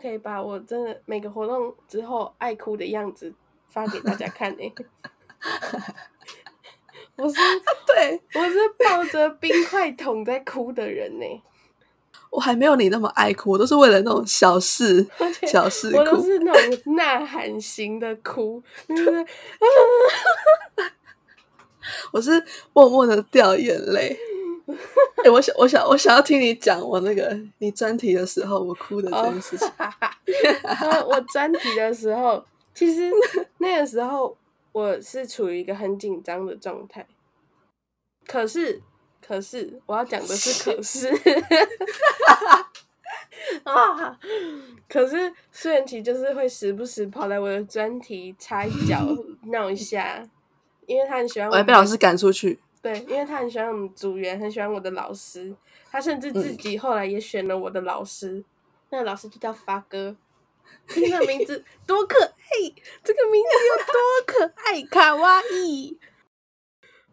可以把我真的每個活動之後愛哭的樣子發給大家看呢、欸。我是對，我是抱着冰塊桶在哭的人呢、欸。我還沒有你那麼愛哭，我都是為了那種小事、小事哭，我都是那種吶喊型的哭。我是默默的掉眼淚。 欸、我想，我想，我想要聽你講我那個你專題的時候我哭的這件事情。 嗯、我專題的時候，其實那個時候我是處於一個很緊張的狀態。可是，可是我要講的是，可是 啊，可是蘇湲淇就是會時不時跑來我的專題插一腳鬧一下，因為他很喜歡我，我要被老師趕出去。對，因為他很喜歡我們組員，很喜歡我的老師，他甚至自己後來也選了我的老師。嗯、那個老師就叫發哥，聽這名字 多可愛，這個名字有多可愛， 卡哇伊。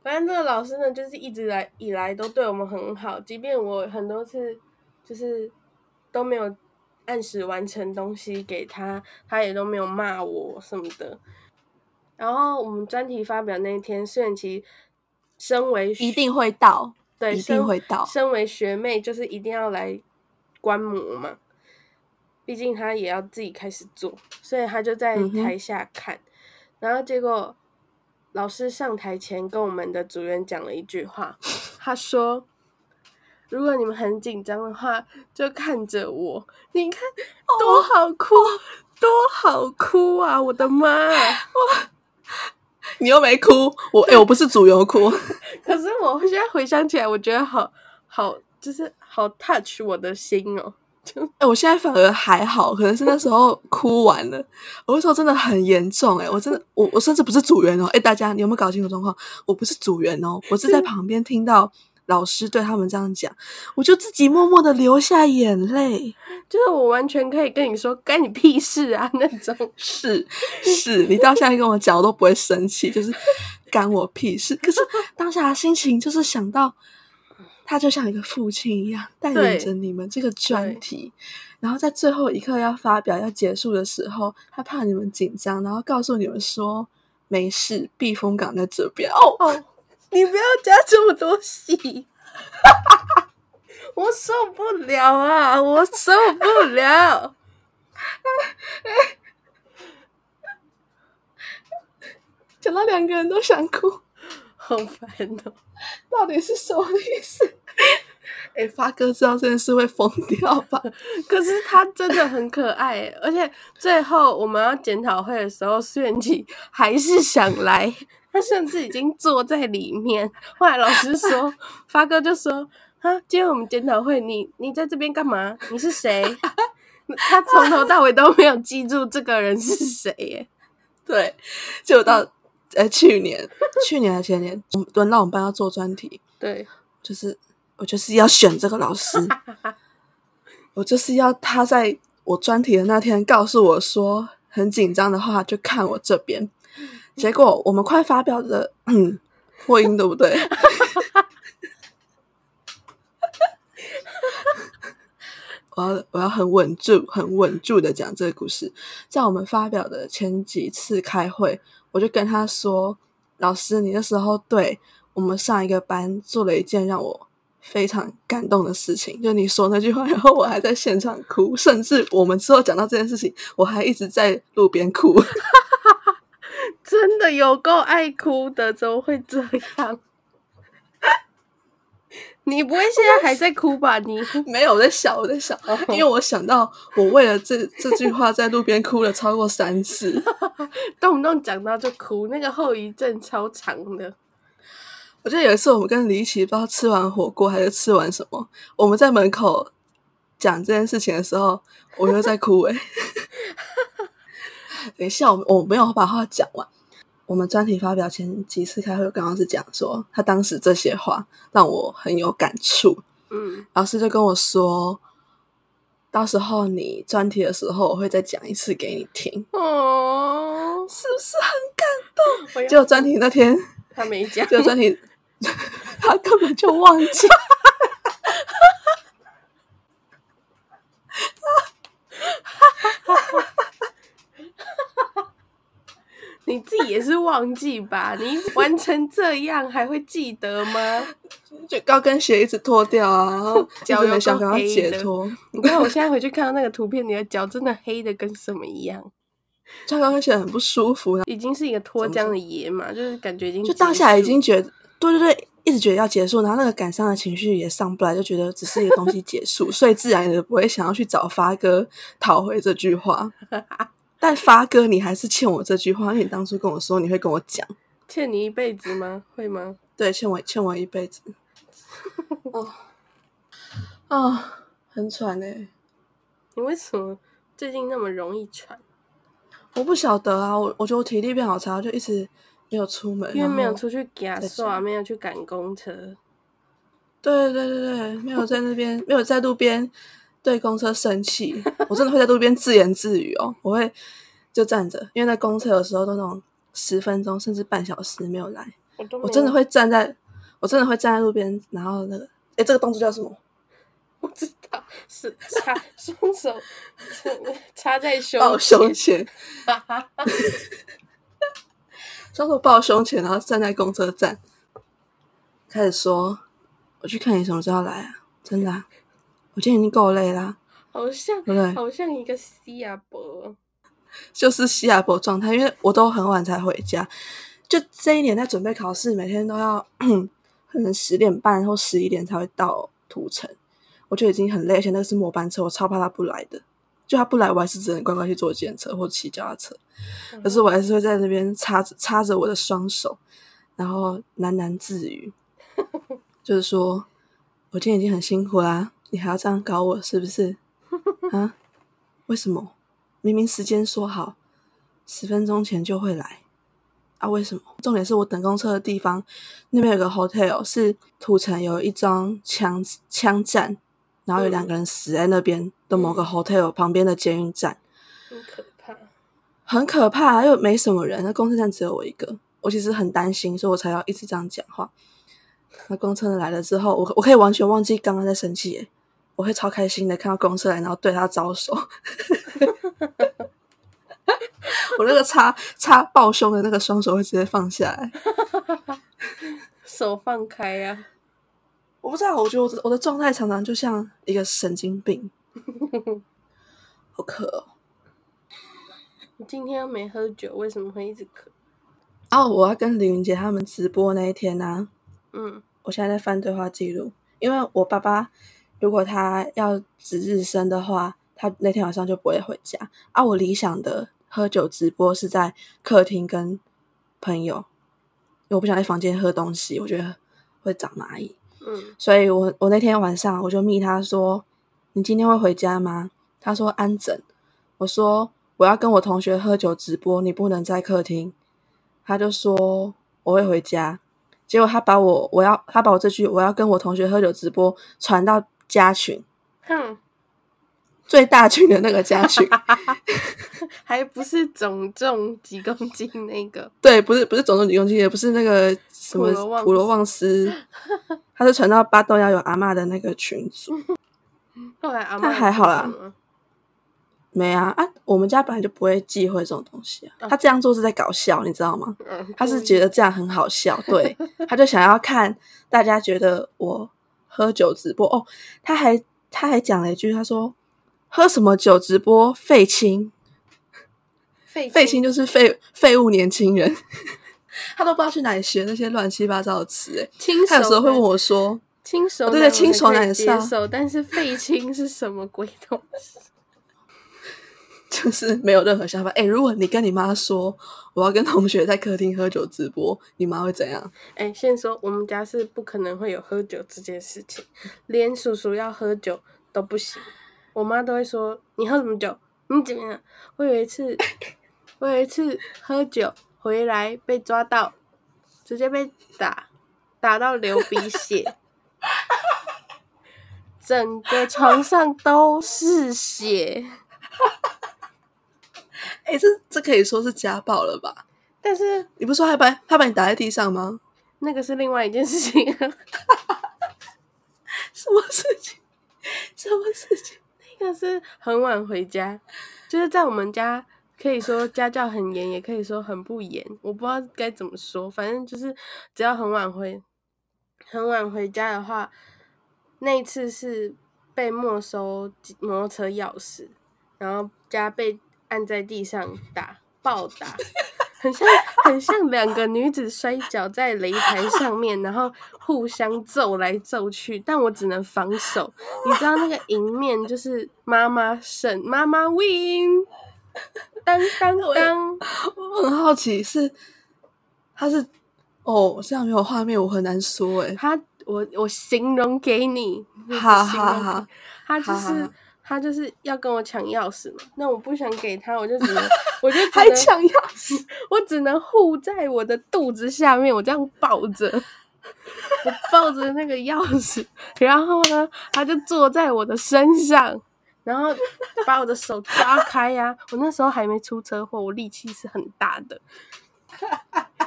反正這個老師呢，就是一直來以來都對我們很好，即便我很多次就是都沒有按時完成東西給他，他也都沒有罵我什麼的。然後我們專題發表那一天，雖然其身為學一定會到，對，一定會到。身，身為學妹，就是一定要來觀摩嘛，畢竟他也要自己開始做，所以他就在台下看。嗯、哼然後結果老師上台前跟我們的組員講了一句話，他說：“ 如果你們很緊張的話，就看着我，你看多好哭，多好哭，哦、啊！我的媽，哇！”你又沒哭，我誒、欸、我不是主演哭。 可是我現在回想起來，我覺得好好，就是好 touch 我的心哦。就、 欸、我現在反而還好，可能是那時候哭完了。我那時候真的很嚴重誒、欸、我真的，我我甚至不是主演哦。誒、欸、大家你有沒有搞清楚狀況？我不是主演哦，我是在旁邊聽到老師對他們這樣講，我就自己默默的流下眼淚。就是我完全可以跟你說，干你屁事啊！那種事是，是，你到現在跟我講， 我都不會生氣。就是干我屁事。可是當下的心情，就是想到他就像一個父親一樣帶領着你們這個專題，然後在最後一刻要發表要結束的時候，他怕你們緊張，然後告訴你們說：“沒事，避風港在這邊。”哦哦哦，你不要加這麼多戲。哈哈。我受不了啊！我受不了，講 到兩個人都想哭，好煩哦、喔！到底是什麼意思？哎、 欸，發哥知道這件事會瘋掉吧？可是他真的很可愛， 而且最後我們要檢討會的時候，蘇湲淇還是想來，他甚至已經坐在裡面。後來老師說， 發哥就說。啊，今天我們檢討會，你你在這邊幹嘛？你是誰？ 他從頭到尾都沒有記住這個人是誰耶。對，就到呃、嗯欸、去年，去年還是前年，輪到我們班要做專題，對，就是我就是要選這個老師， 我就是要他在我專題的那天告訴我說很緊張的話，就看我這邊。 結果我們快發表的嗯，破音，對不對？ 我要我要很穩住，很穩住的講這個故事。在我們發表的前幾次開會，我就跟他說：“老師，你那時候對我們上一個班做了一件讓我非常感動的事情，就你說那句話，然後我還在現場哭，甚至我們之後講到這件事情，我還一直在路邊哭， 真的有夠愛哭的，怎麼會這樣？”你不會現在還在哭吧？你沒有，我在笑，我在笑，因為我想到我為了這 這句話在路邊哭了超過三次， 動不動講到就哭，那個後遺症超長的。我記得有一次我們跟李奇不知道吃完火鍋還是吃完什麼，我們在門口講這件事情的時候，我又在哭哎。 等一下，我我沒有把話講完。我們專題發表前幾次開會，剛剛是講說，他當時這些話讓我很有感觸。嗯，老師就跟我說，到時候你專題的時候，我會再講一次給你聽。哦，是不是很感動？就專題那天，他沒講。就專題，他根本就忘記。 也是忘記吧？你玩成這樣還會記得嗎？就 高跟鞋一直脫掉啊，然後腳又想要解脫。你看我現在回去看到那個圖片， 你的腳真的黑的跟什麼一樣？穿高跟鞋很不舒服，已經是一個脫韁的野馬，就是感覺已經就當下已經覺得，對對對，一直覺得要結束，然後那個感傷的情緒也上不來，就覺得只是一個東西結束， 所以自然也不會想要去找發哥討回這句話。 但發哥，你還是欠我這句話，你當初跟我說你會跟我講，欠你一輩子嗎？ 會嗎？對，欠我欠我一輩子。哦，啊，很喘呢、欸。你為什麼最近那麼容易喘？我不曉得啊，我我覺得我體力變好差，就一直沒有出門，因為沒有出去假啊，後且沒有去趕公車。對對對對，沒有在那邊， 沒有在路邊。對公車生氣，我真的會在路邊自言自語哦。我會就站着，因為在公車的時候都那種十分鐘甚至半小時沒有來，有我真的會站在，我真的會站在路邊，然後那個，哎，這個動作叫什麼？不知道，是插雙手，插在胸，抱我胸前，雙手抱胸前，然後站在公車站，開始說，我去看你什麼時候來啊？真的啊。我今天已經夠累啦，好像對好像一個西雅伯，就是西雅伯狀態。因為我都很晚才回家，就這一年在準備考試，每天都要可能十點半或十一點才會到土城。我就已經很累，而且那是末班車，我超怕他不來的。就他不來，我還是只能乖乖去坐計程車或騎腳踏車。嗯、可是我還是會在那邊插着插着我的雙手，然後喃喃自語， 就是說我今天已經很辛苦啦。你還要這樣搞我是不是？啊？為什麼？明明時間說好十分鐘前就會來啊？為什麼？重點是我等公車的地方那邊有個 hotel 是土城，有一樁槍槍戰，然後有兩個人死在那邊的某個 hotel 旁邊的監獄站，可怕！很可怕、啊，又沒什麼人。那公車站只有我一個，我其實很擔心，所以我才要一直這樣講話。那公車來了之後，我我可以完全忘記剛剛在生氣耶、欸。我會超開心的看到公車來，然後對他招手。 我那個叉叉抱胸的那個雙手會直接放下來，手放開呀、啊！我不知道，我覺得我的狀態常常就像一個神經病， 好渴哦。你今天沒喝酒，為什麼會一直渴？哦，我要跟林云杰他們直播那一天呢、啊。嗯，我現在在翻對話記錄，因為我爸爸。如果他要值日生的話，他那天晚上就不會回家啊！我理想的喝酒直播是在客廳跟朋友，因為我不想在房間喝東西，我覺得會長螞蟻。嗯，所以我我那天晚上我就密他說：“你今天會回家嗎？”他說：“安怎。”我說：“我要跟我同學喝酒直播，你不能在客廳。”他就說：“我會回家。”結果他把我我要他把我這句我要跟我同學喝酒直播傳到。家群，哼、嗯，最大群的那個家群， 還不是總重幾公斤那個？ 對，不是不是總重幾公斤，也不是那個什麼普羅旺斯，他 是傳到巴豆要有阿嬤的那個群組，後來阿嬤，那還好啦，沒啊啊！我們家本來就不會忌諱這種東西啊，他、哦、這樣做是在搞笑，你知道嗎？他、嗯、是覺得這樣很好笑，嗯、對，他就想要看大家覺得我。喝酒直播哦，他還他還講了一句，他說：“喝什麼酒直播廢青？”廢廢青就是廢廢物年輕人， 他都不知道去哪裡學那些亂七八糟清的詞哎。他有時候會問我說：“親手對對，親手能接受，但是廢青是什麼鬼東西？” 就是沒有任何想法。誒、欸、如果你跟你媽說，我要跟同學在客廳喝酒直播，你媽會怎樣？誒、欸、先說我們家是不可能會有喝酒這件事情，連叔叔要喝酒都不行。我媽都會說，你喝什麼酒？你怎麼樣？我有一次，我有一次喝酒回來被抓到，直接被打，打到流鼻血， 整個床上都是血。哎、欸，這這可以說是家暴了吧？但是你不是說還把他把你打在地上嗎？那個是另外一件事情、啊。 什麼事情？什麼事情？那個是很晚回家，就是在我們家，可以說家教很嚴，也可以說很不嚴，我不知道該怎麼說。反正就是只要很晚回，很晚回家的話，那一次是被沒收摩托車鑰匙，然後家被。按在地上打，暴打，很像很像兩個女子摔跤在擂台上面，然後互相揍來揍去。但我只能防守。 你知道那個贏面就是媽媽勝，媽媽 win，當當當。我很好奇，是他是哦，這樣沒有畫面，我很難說、欸。誒，他我我形容給你，好好好，他就，就是。他就是要跟我搶鑰匙嘛，那我不想給他，我就只能，我就還搶鑰匙， 我只能護在我的肚子下面，我這樣抱着，我抱着那個鑰匙， 然後呢，他就坐在我的身上，然後把我的手抓開呀，我那時候還沒出車禍，我力氣是很大的。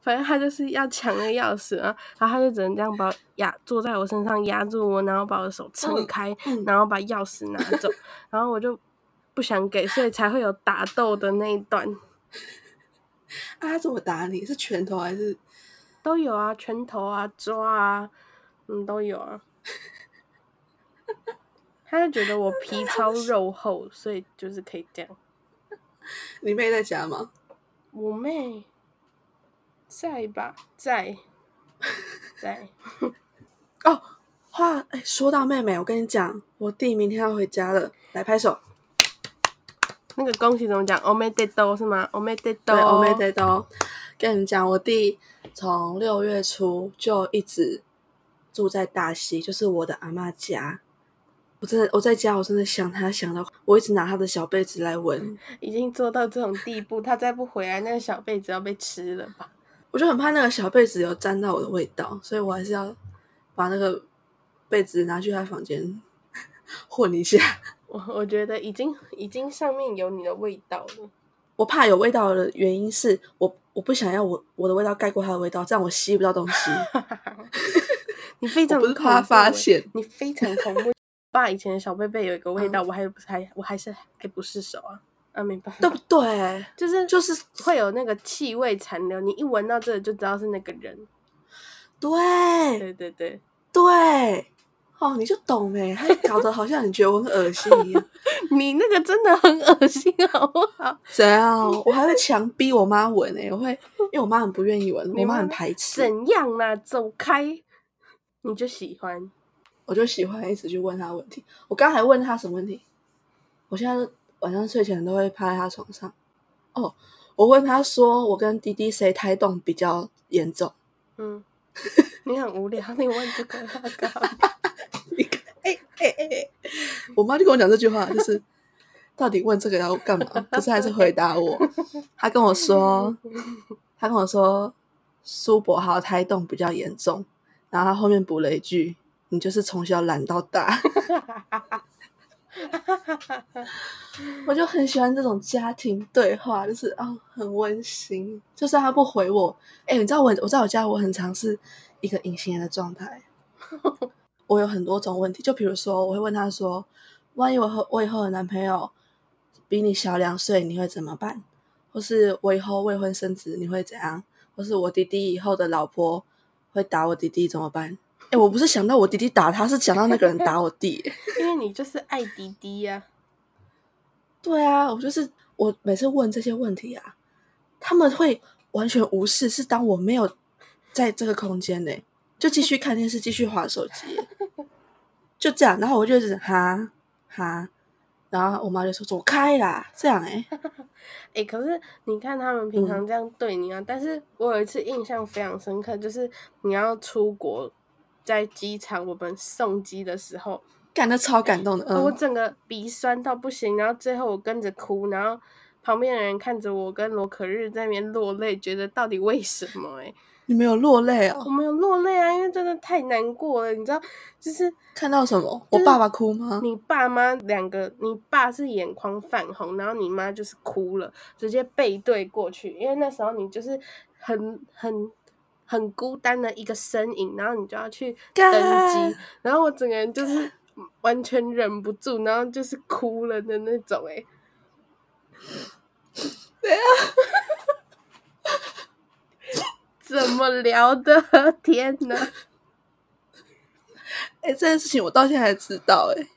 反正他就是要搶那個鑰匙啊，然後他就只能這樣把我壓坐在我身上壓住我，然後把我的手撐開，嗯嗯、然後把鑰匙拿走， 然後我就不想給，所以才會有打鬥的那一段。啊，他怎麼打你？是拳頭還是都有啊？拳頭啊，抓啊，嗯，都有啊。 他就覺得我皮糙肉厚，所以就是可以這樣。你妹在家嗎？我妹。在吧，在在 哦。話哎、欸，說到妹妹，我跟你講，我弟明天要回家了，來拍手。那個恭喜怎麼講？歐沒得豆是嗎？歐沒得豆，歐沒得豆。跟你們講，我弟從六月初就一直住在大溪，就是我的阿媽家。我真的，我在家，我真的想他，想他，想到我一直拿他的小被子來聞、嗯，已經做到這種地步。他再不回來，那個小被子要被吃了吧？我就很怕那個小被子有沾到我的味道，所以我還是要把那個被子拿去他房間混一下。我我覺得已經已經上面有你的味道了。我怕有味道的原因是我，我我不想要我我的味道蓋過他的味道，這樣我吸不到東西。 你非常恐怖、欸、 不是怕他發現，你非常恐怖。 爸以前的小被被有一個味道，嗯、我還不還我還是愛不釋手啊。啊，明白，對不對？就是就是會有那個氣味殘留，就是、你一聞到這個就知道是那個人。對，對對對對，哦，你就懂哎、欸，他搞得好像你覺得我很惡心一樣。 你那個真的很惡心，好不好？怎樣？我還會強逼我媽聞誒，我會因為我媽很不願意聞， 我媽很排斥。怎樣啦、啊、走開！你就喜歡，我就喜歡一直去問她問題。我剛才問她什麼問題？我現在。晚上睡前都會趴在他床上。哦，我問他說：“我跟弟弟誰胎動比較嚴重？”嗯，你很無聊， 你問這個幹嘛？我媽就跟我講這句話，就是 到底問這個要幹嘛？可是還是回答我。他跟我說，他跟我說，蘇博豪胎動比較嚴重。然後他後面補了一句：“你就是從小懶到大。 ” 我就很喜歡這種家庭對話，就是啊、哦，很溫馨。就算他不回我，哎、欸，你知道我，我在我家，我很常是一個隱形人的狀態。 我有很多種問題，就比如說，我會問他說：“萬一我和我以後的男朋友比你小兩歲，你會怎麼辦？”或是“我以後未婚生子，你會怎樣？”或是“我弟弟以後的老婆會打我弟弟，怎麼辦？”哎、欸，我不是想到我弟弟打他，是想到那個人打我弟。 因為你就是愛弟弟呀、啊。對啊，我就是我每次問這些問題啊，他們會完全無視，是當我沒有在這個空間內，就繼續看電視， 繼續滑手機，就這樣。然後我就是哈哈，然後我媽就說：“走開啦！”這樣哎哎、欸，可是你看他們平常這樣對你啊，嗯、但是我有一次印象非常深刻，就是你要出國，在機場我們送機的時候。感到超感動的，嗯、我整個鼻酸到不行，然後最後我跟着哭，然後旁邊的人看着我跟羅可日在那邊落淚，覺得到底為什麼、欸，你沒有落淚啊？我沒有落淚啊，因為真的太難過了，你知道，就是看到什麼？就是、我爸爸哭嗎？你爸媽兩個，你爸是眼眶泛紅，然後你媽就是哭了，直接背對過去，因為那時候你就是很很很孤單的一個身影，然後你就要去登機，幹然後我整個人就是。完全忍不住，然後就是哭了的那種哎、欸，對 怎，樣 怎麼聊的？天呢哎、欸，這件事情我到現在還知道哎、欸，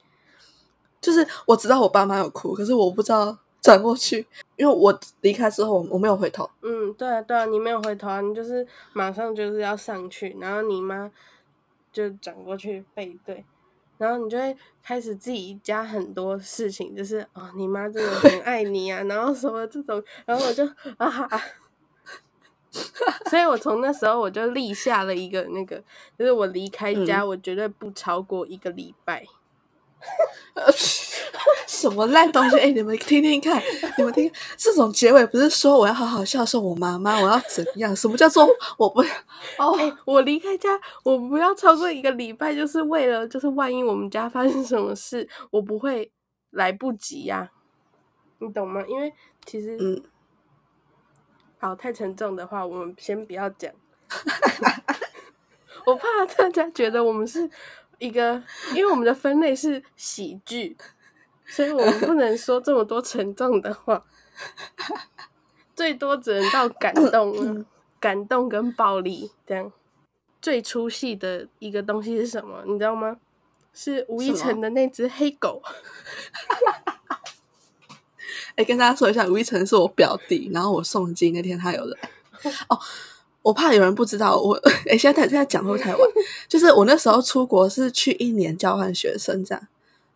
就是我知道我爸媽有哭，可是我不知道轉過去，因為我離開之後我我沒有回頭。嗯，對啊，對啊，你沒有回頭啊，你就是馬上就是要上去，然後你媽就轉過去背對。然後你就會開始自己加很多事情，就是哦，你媽真的很愛你啊， 然後什麼這種，然後我就啊哈， 所以，我從那時候我就立下了一個那個，就是我離開家，嗯、我絕對不超過一個禮拜。 什麼爛東西、欸？你們聽聽看，你們聽，這種結尾不是說我要好好孝順我媽媽，我要怎樣？什麼叫做我不？哦、欸，我離開家，我不要超過一個禮拜，就是為了，就是萬一我們家發生什麼事，我不會來不及呀、啊，你懂嗎？因為其實，嗯，好，太沉重的話，我們先不要講， 我怕大家覺得我們是一個，因為我們的分類是喜劇。所以我們不能說這麼多沉重的話， 最多只能到感動， 感動跟暴力這樣。最出戲的一個東西是什麼？你知道嗎？是吳依晨的那只黑狗。誒麼、 欸、跟大家說一下，吳依晨是我表弟，然後我送機那天他有來。 哦，我怕有人不知道我。誒、欸、現在現在講會不會太晚 就是我那時候出國是去一年交換學生這樣。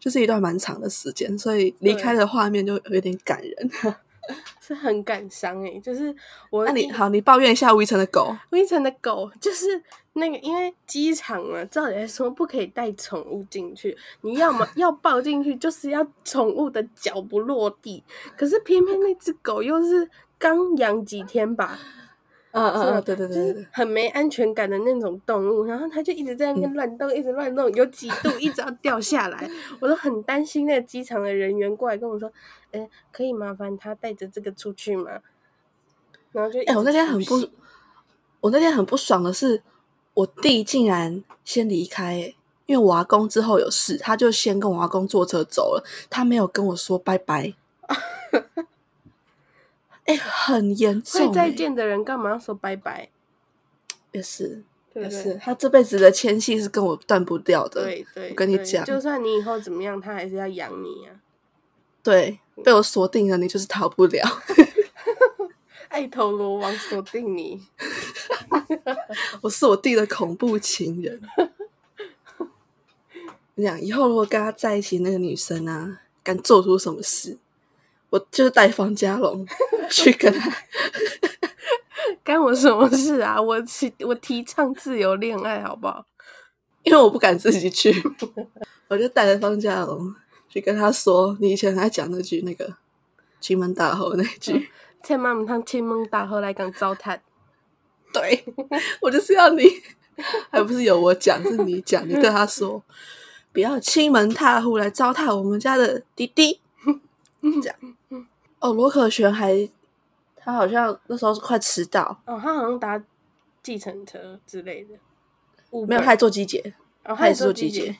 就是一段蠻長的時間，所以離開的畫面就有點感人，對 是很感傷哎、欸。就是我你那你好，你抱怨一下吳一晨的狗。吳一晨的狗就是那個，因為機場嘛，照理來說不可以帶寵物進去，你要麼 要抱進去，就是要寵物的腳不落地。可是偏偏那只狗又是剛養幾天吧。 啊啊！對、啊啊、對對對對，很沒安全感的那種動物，然後它就一直在那邊亂動，嗯、一直亂動，有幾度一直要掉下來， 我都很擔心。那個機場的人員過來跟我說：“誒、欸、可以麻煩他帶着這個出去嗎？”然後就哎、哦，我那天很不，我那天很不爽的是，我弟竟然先離開、欸，因為我阿公之後有事，他就先跟我阿公坐車走了，他沒有跟我說拜拜。 哎、欸，很嚴重、欸。會再見的人幹嘛要說拜拜？也是，對對也是。他這輩子的牽繫是跟我斷不掉的。對對，對我跟你講，就算你以後怎麼樣，他還是要養你啊。對，嗯、被我鎖定了，你就是逃不了。愛 投羅網，鎖定你。哈哈哈，我是我弟的恐怖情人。你 講，以後如果跟他在一起，那個女生啊，敢做出什麼事？我就帶放假榮去跟他， 幹我什麼事啊？我提我提倡自由戀愛，好不好？因為我不敢自己去， 我就帶着放假榮去跟他說：“你以前還講那句那個欺門大戶那句，千萬他通欺門大戶來講糟蹋。”對，我就是要你，還不是有我講， 是你講，你跟他說， 不要欺門踏戶來糟蹋我們家的弟弟。這樣，哦，羅可璇還他好像那時候是快遲到，哦，他好像搭計程車之類的，沒有，他坐機捷哦，他也是坐機捷，機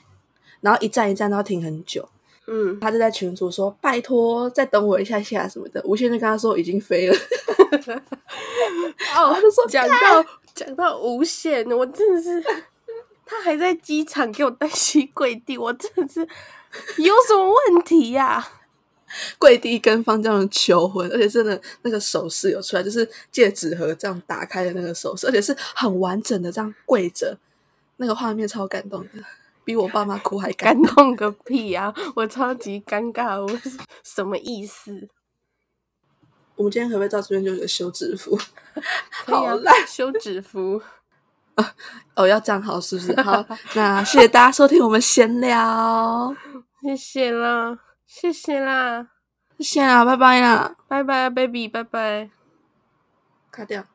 然後一站一站都要停很久，嗯，他就在群組說，拜托再等我一下下什麼的，吳先就跟他說已經飛了，哦， 他說講到講看到吳先，我真的是，他還在機場給我單膝跪地，我真的是有什麼問題呀、啊？跪地跟放假榮求婚，而且真的那個首飾有出來，就是戒指盒這樣打開的那個首飾，而且是很完整的這樣跪着，那個畫面超感動的，比我爸媽哭還感動,感動個屁啊！我超級尷尬，我是什麼意思？我們今天可不可以到這邊就有個休止符？啊、好啦賴，休止符、啊、哦，要站好是不是？好， 那謝謝大家收聽我們閒聊，謝謝啦。謝謝啦，謝謝啦，拜拜啦，拜拜，baby，拜拜。卡掉。